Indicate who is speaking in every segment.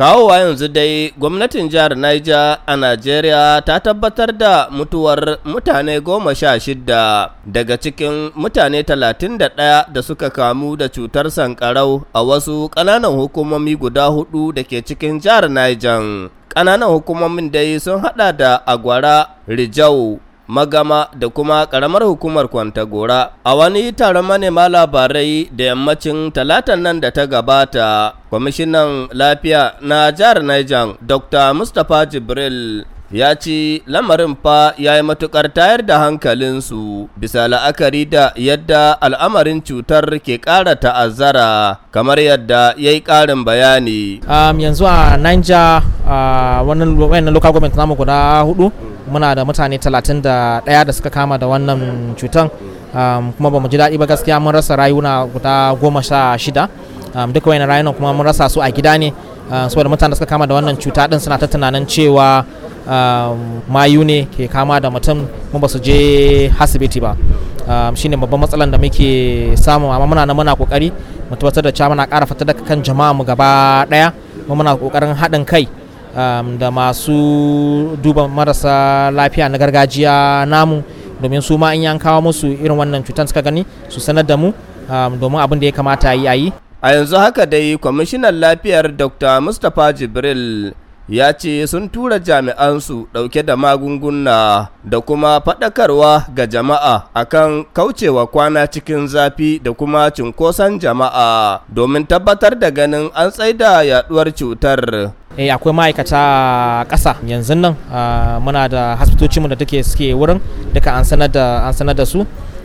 Speaker 1: kawowa yanzu dai gwamnatin jihar Niger a Najeriya ta tabbatar da mutuwar mutane goma sha shida daga cikin mutane talatin da ɗaya da suka kamu da cutar sankarau a wasu ƙananan hukumomi guda hudu da ke cikin jihar Niger. Ƙananan hukumomin dai sun haɗa da Agwara, Rijau, magama da kuma ƙaramar hukumar kwantagora a wani taron manema labarai da yammacin talatan nan da ta gabata kwamishinan lafiya na jihar niger dr mustapha jibril ya ci lamarin fa ya yi matuƙar tayar da hankalinsu bisa la'akari da yadda al'amarin cutar ke ƙara ta'azzara kamar yadda ya yi ƙarin bayani
Speaker 2: yanzu a niger wani local government namu guda hudu muna da mutane 31 da suka kama da wannan cutan um, kuma ba mu ji daɗi ba gaskiya mun rasa rayuna guda goma sha shida um, duka wani rayunan kuma mun rasa su a gida ne um, saboda mutane da suka kama da wannan cuta din suna ta tunanin cewa mayu ne ke kama da mutum kuma ba su je asibiti ba shine babban matsalan da muke samu amma muna nan muna kokari mu tabbatar da cewa muna ƙara fata da kan jama'a mu gaba ɗaya muna kokarin haɗin kai um, da masu duba marasa lafiya na gargajiya namu domin su ma in yan kawo musu irin wannan cutar suka gani su sanar da mu um, domin abin da ya kamata a yi a yi
Speaker 1: a yanzu haka dai kwamishinan lafiyar dr mustapha jibril ya ce sun tura jami'ansu ɗauke da magunguna da kuma faɗakarwa ga jama'a akan kaucewa kwana cikin zafi da kuma cinkoson jama'a domin tabbatar da ganin an tsaida yaduwar cutar.
Speaker 2: eh akwai ma'aikata ƙasa yanzu nan muna da hasbitocinmu da suke wurin duka an sanar da su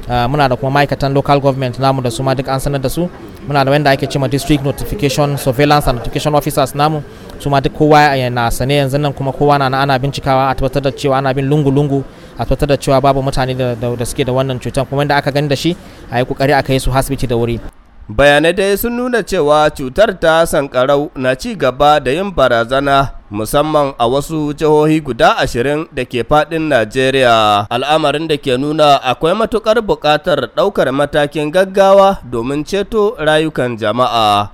Speaker 2: muna da kuma ma'aikatan local government namu da su ma duka an sanar da su muna da wanda ake cima district notification surveillance and notification officers namu su ma duk kowa na sane yanzu nan kuma kowa na ana bincikawa a tabbatar da cewa ana bin lungu-lungu a tabbatar da cewa babu mutane da suke da wannan cutar kuma inda aka gani da shi a yi kokari a kai su hasibiti da wuri
Speaker 1: bayanai dai sun nuna cewa cutar ta sankarau na ci gaba da yin barazana musamman a wasu jihohi guda ashirin da ke fadin najeriya al'amarin da ke nuna akwai matukar bukatar ɗaukar matakin gaggawa domin ceto rayukan jama'a